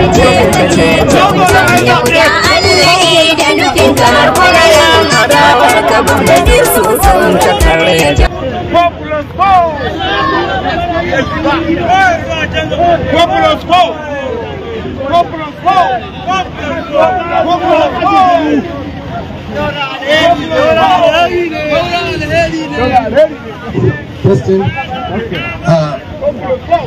Populous vote! Populous vote! Populous vote! Populous vote! Justin. Okay.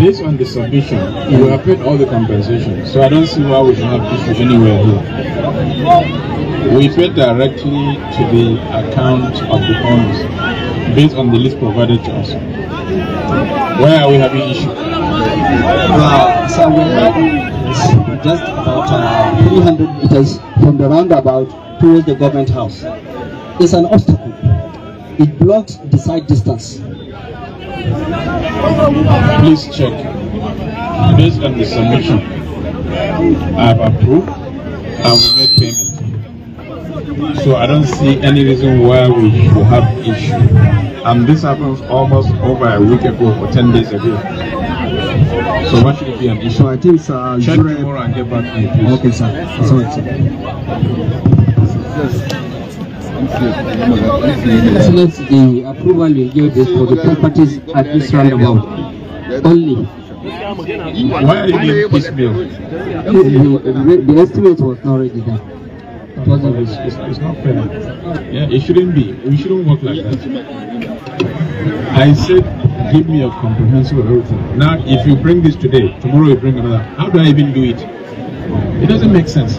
based on the submission, you will have paid all the compensation. So I don't see why we should have issues anywhere here. We pay directly to the account of the owners based on the list provided to us. Where are we having issues? Well, so we just about uh, 300 meters from the roundabout towards the government house. It's an obstacle. It blocks the side distance. Please check. Based on the submission, I have approved and we made payment. So I don't see any reason why we should have issue. And this happens almost over a week ago or 10 days ago. So what should it be an issue? So I think, sir, check tomorrow and get back to me, please. Okay, sir. Sorry, sir. Excellency, the approval we gave is for the properties at this roundabout only. Why are you doing piecemeal? The, the estimate was not already done. It's, it's, it's, not fair. Yeah, it shouldn't be. We shouldn't work like that. I said, give me a comprehensive everything. Now, if you bring this today, tomorrow you bring another. How do I even do it? It doesn't make sense.